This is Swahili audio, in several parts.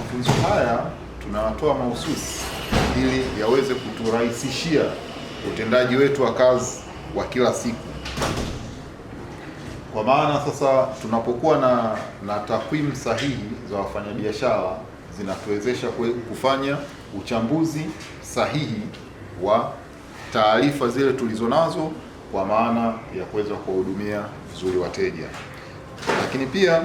mafunzo haya tunayatoa mahususi ili yaweze kuturahisishia utendaji wetu wa kazi wa kila siku, kwa maana sasa tunapokuwa na, na takwimu sahihi za wafanyabiashara zinatuwezesha kufanya uchambuzi sahihi wa taarifa zile tulizonazo kwa maana ya kuweza kuwahudumia vizuri wateja, lakini pia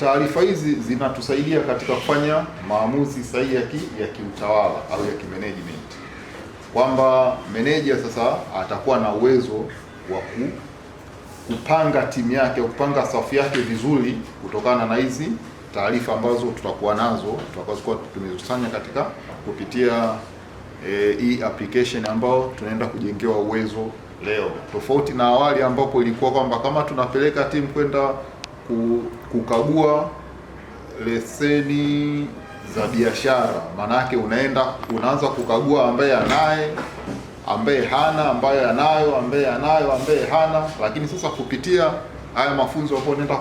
taarifa hizi zinatusaidia katika kufanya maamuzi sahihi ya kiutawala au ya kimanagement, kwamba meneja sasa atakuwa na uwezo wa kupanga timu yake kupanga safu yake vizuri kutokana na hizi taarifa ambazo tutakuwa nazo tutakazokuwa tumezikusanya katika kupitia eh, hii e, application ambayo tunaenda kujengewa uwezo leo, tofauti na awali ambapo ilikuwa kwamba kama tunapeleka timu kwenda kukagua leseni za biashara. Maanake unaenda unaanza kukagua ambaye anaye, ambaye hana, ambaye anayo, ambaye anayo, ambaye hana. Lakini sasa kupitia haya mafunzo ambayo unaenda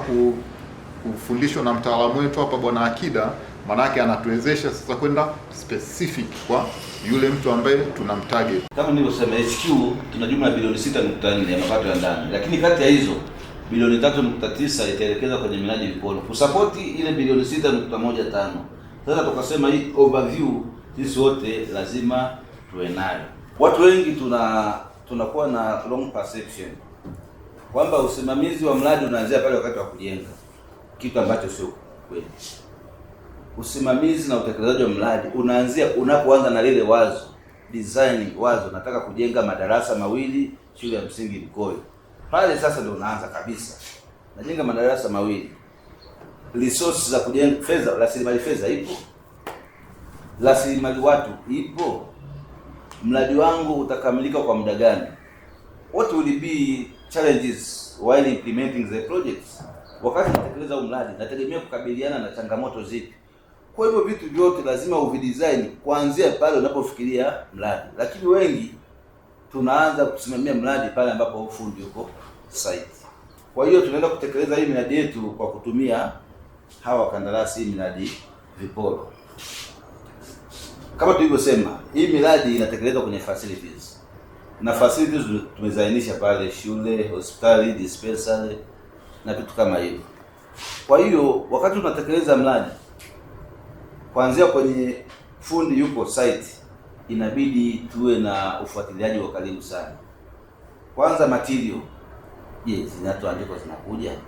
kufundishwa na mtaalamu wetu hapa Bwana Akida, maanake anatuwezesha sasa kwenda specific kwa yule mtu ambaye tuna mtage Kama nilivyosema, HQ tuna jumla ya bilioni 6.4 ya mapato ya ndani, lakini kati ya hizo bilioni 3.9 itaelekezwa kwenye miradi mikono kusapoti ile bilioni 6.15. Sasa tukasema hii overview sisi wote lazima tuwe nayo. Watu wengi tuna tunakuwa na wrong perception kwamba usimamizi wa mradi unaanzia pale wakati wa kujenga, kitu ambacho sio kweli. Usimamizi na utekelezaji wa mradi unaanzia unapoanza na lile wazo, design wazo, nataka kujenga madarasa mawili shule ya msingi Mkoyo. Pale sasa ndio unaanza kabisa, najenga madarasa mawili, resources za kujenga fedha, rasilimali fedha ipo, rasilimali watu ipo. Mradi wangu utakamilika kwa muda gani? What will be challenges while implementing the projects? Wakati natekeleza huu mradi nategemea kukabiliana na changamoto zipi? Kwa hivyo vitu vyote lazima uvidesign kuanzia pale unapofikiria mradi, lakini wengi tunaanza kusimamia mradi pale ambapo ufundi uko site. Kwa hiyo tunaenda kutekeleza hii miradi yetu kwa kutumia hawa wakandarasi, hii miradi viporo. Kama tulivyosema, hii miradi inatekelezwa kwenye facilities na facilities tumezainisha pale, shule, hospitali, dispensary na vitu kama hivyo. Kwa hiyo wakati tunatekeleza mradi, kuanzia kwenye fundi yuko site inabidi tuwe na ufuatiliaji wa karibu sana. Kwanza material, je, yes, andiko zinakuja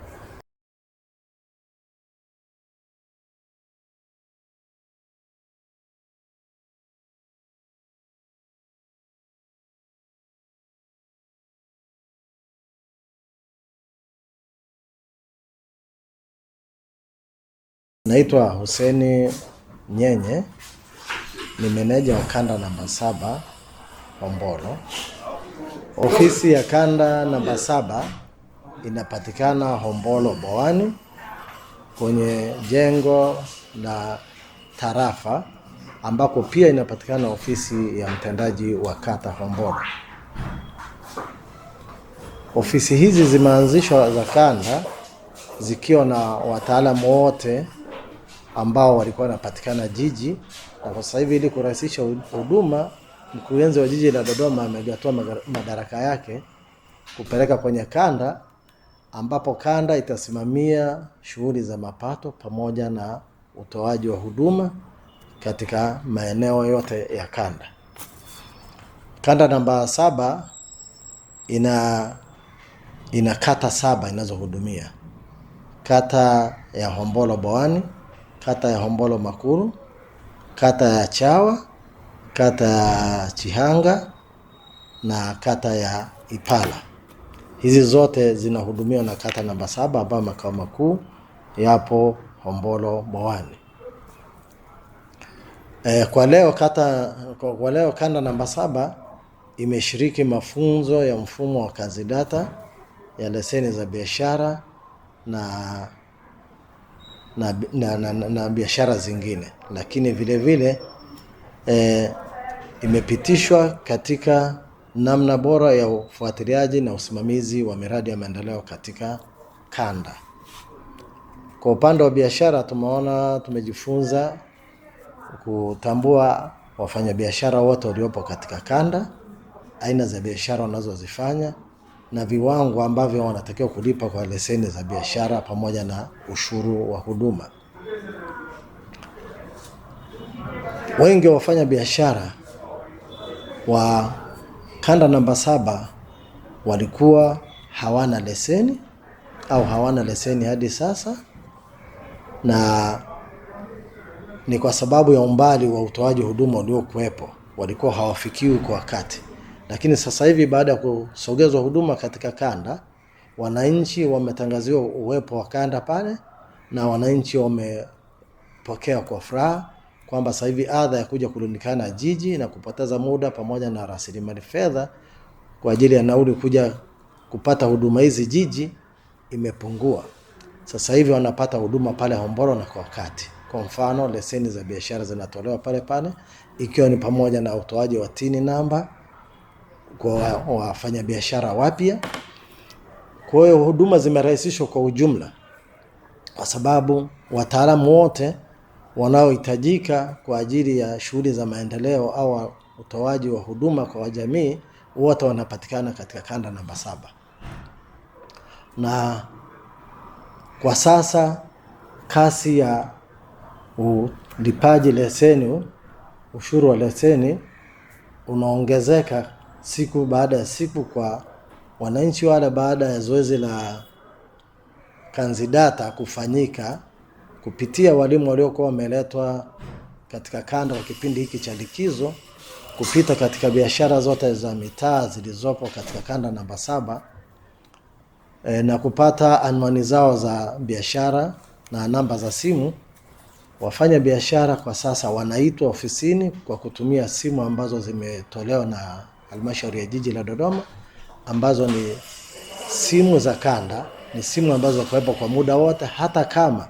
Naitwa Hussein Nyenye ni meneja wa kanda namba saba Hombolo. Ofisi ya kanda namba saba inapatikana Hombolo Boani kwenye jengo la tarafa ambako pia inapatikana ofisi ya mtendaji wa kata Hombolo. Ofisi hizi zimeanzishwa za kanda zikiwa na wataalamu wote ambao walikuwa wanapatikana jiji, na kwa sasa hivi ili kurahisisha huduma, mkurugenzi wa jiji la Dodoma amegatua madaraka yake kupeleka kwenye kanda, ambapo kanda itasimamia shughuli za mapato pamoja na utoaji wa huduma katika maeneo yote ya kanda. Kanda namba saba ina ina kata saba inazohudumia kata ya Hombolo Boani kata ya Hombolo Makuru, kata ya Chawa, kata ya Chihanga na kata ya Ipala. Hizi zote zinahudumiwa na kata namba saba ambayo makao makuu yapo Hombolo Bowani. E, kwa leo kata kwa leo kanda namba saba imeshiriki mafunzo ya mfumo wa kazi data ya leseni za biashara na na, na, na, na, na biashara zingine, lakini vile vile e, imepitishwa katika namna bora ya ufuatiliaji na usimamizi wa miradi ya maendeleo katika kanda. Kwa upande wa biashara, tumeona tumejifunza kutambua wafanyabiashara wote waliopo katika kanda, aina za biashara wanazozifanya na viwango ambavyo wanatakiwa kulipa kwa leseni za biashara pamoja na ushuru wa huduma. Wengi wa wafanya biashara wa kanda namba saba walikuwa hawana leseni au hawana leseni hadi sasa, na ni kwa sababu ya umbali wa utoaji huduma uliokuwepo, walikuwa hawafikiwi kwa wakati. Lakini sasa hivi baada ya kusogezwa huduma katika kanda, wananchi wametangaziwa uwepo wa kanda pale, na wananchi wamepokea kwa furaha kwamba sasa hivi adha ya kuja kurundikana jiji na kupoteza muda pamoja na rasilimali fedha kwa ajili ya nauli kuja kupata huduma hizi jiji imepungua. Sasa hivi wanapata huduma pale Hombolo na kwa wakati. Kwa mfano, leseni za biashara zinatolewa pale pale, ikiwa ni pamoja na utoaji wa tini namba kwa wafanyabiashara wapya. Kwa hiyo huduma zimerahisishwa kwa ujumla, kwa sababu wataalamu wote wanaohitajika kwa ajili ya shughuli za maendeleo au utoaji wa huduma kwa jamii wote wanapatikana katika kanda namba saba, na kwa sasa kasi ya ulipaji leseni, ushuru wa leseni unaongezeka siku baada ya siku kwa wananchi wale, baada ya zoezi la kanzidata kufanyika kupitia walimu waliokuwa wameletwa katika kanda kwa kipindi hiki cha likizo kupita katika biashara zote za mitaa zilizopo katika kanda namba saba e, na kupata anwani zao za biashara na namba za simu. Wafanya biashara kwa sasa wanaitwa ofisini kwa kutumia simu ambazo zimetolewa na halmashauri ya jiji la Dodoma ambazo ni simu za kanda, ni simu ambazo kuwepo kwa muda wote, hata kama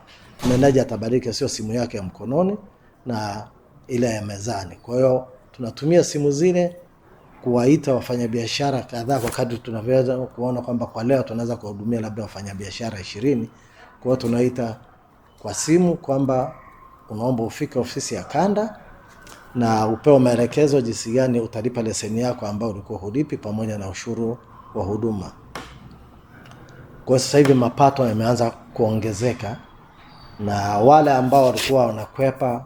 mwendaji atabariki sio simu yake ya mkononi na ile ya mezani. Kwa hiyo tunatumia simu zile kuwaita wafanyabiashara kadhaa kwa kadri tunavyoweza kuona kwamba kwa leo tunaweza kuwahudumia labda wafanyabiashara ishirini. Kwa hiyo tunaita kwa simu kwamba unaomba ufike ofisi ya kanda na upewa maelekezo jinsi gani utalipa leseni yako ambayo ulikuwa hulipi pamoja na ushuru wa huduma. Kwa sasa hivi mapato yameanza kuongezeka, na wale ambao walikuwa wanakwepa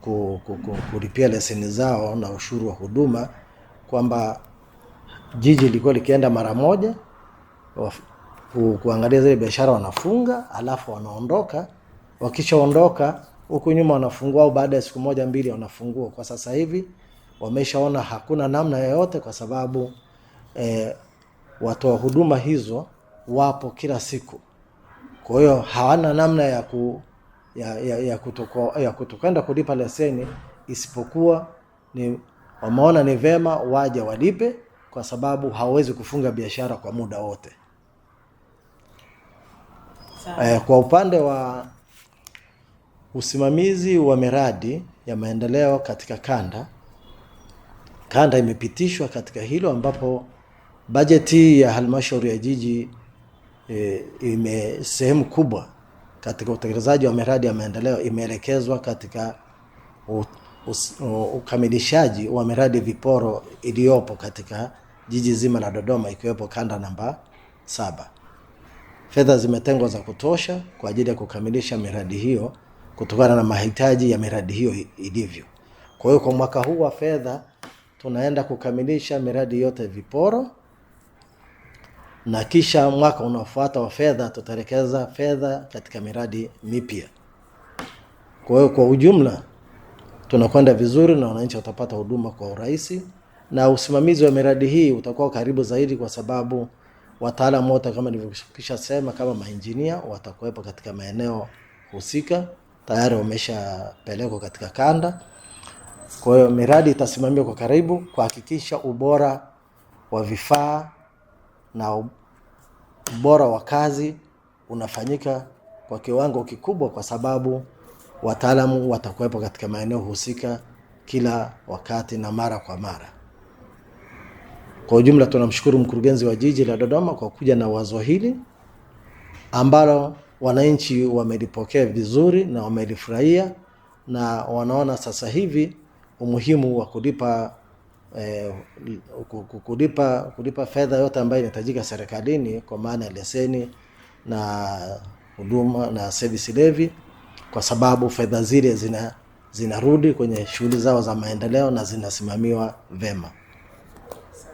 ku, ku, ku, kulipia leseni zao na ushuru wa huduma, kwamba jiji lilikuwa likienda mara moja ku, kuangalia zile biashara wanafunga, alafu wanaondoka, wakishaondoka Huku nyuma wanafungua au baada ya siku moja mbili wanafungua. Kwa sasa hivi wameshaona hakuna namna yoyote, kwa sababu eh, watoa huduma hizo wapo kila siku, kwa hiyo hawana namna ya ku ya, ya, ya kutuko, ya kutukenda kulipa leseni isipokuwa ni wameona ni vema waje walipe, kwa sababu hawawezi kufunga biashara kwa muda wote. Eh, kwa upande wa usimamizi wa miradi ya maendeleo katika kanda kanda imepitishwa katika hilo, ambapo bajeti ya halmashauri ya jiji e, ime sehemu kubwa katika utekelezaji wa miradi ya maendeleo imeelekezwa katika ukamilishaji wa miradi viporo iliyopo katika jiji zima la Dodoma ikiwepo kanda namba saba. Fedha zimetengwa za kutosha kwa ajili ya kukamilisha miradi hiyo kutokana na mahitaji ya miradi hiyo ilivyo. Kwa hiyo kwa mwaka huu wa fedha tunaenda kukamilisha miradi yote viporo, na kisha mwaka unaofuata wa fedha tutaelekeza fedha katika miradi mipya. Kwa hiyo kwa ujumla tunakwenda vizuri na wananchi watapata huduma kwa urahisi, na usimamizi wa miradi hii utakuwa karibu zaidi, kwa sababu wataalamu wote kama nilivyokisha sema, kama mainjinia watakuwepo katika maeneo husika tayari wameshapelekwa katika kanda. Kwa hiyo miradi itasimamiwa kwa karibu kuhakikisha ubora wa vifaa na ubora wa kazi unafanyika kwa kiwango kikubwa, kwa sababu wataalamu watakuwepo katika maeneo husika kila wakati na mara kwa mara. Kwa ujumla, tunamshukuru mkurugenzi wa jiji la Dodoma kwa kuja na wazo hili ambalo wananchi wamelipokea vizuri na wamelifurahia na wanaona sasa hivi umuhimu wa kulipa eh, kulipa kulipa fedha yote ambayo inahitajika serikalini kwa maana ya leseni na huduma na service levy, kwa sababu fedha zile zina zinarudi kwenye shughuli zao za maendeleo na zinasimamiwa vema.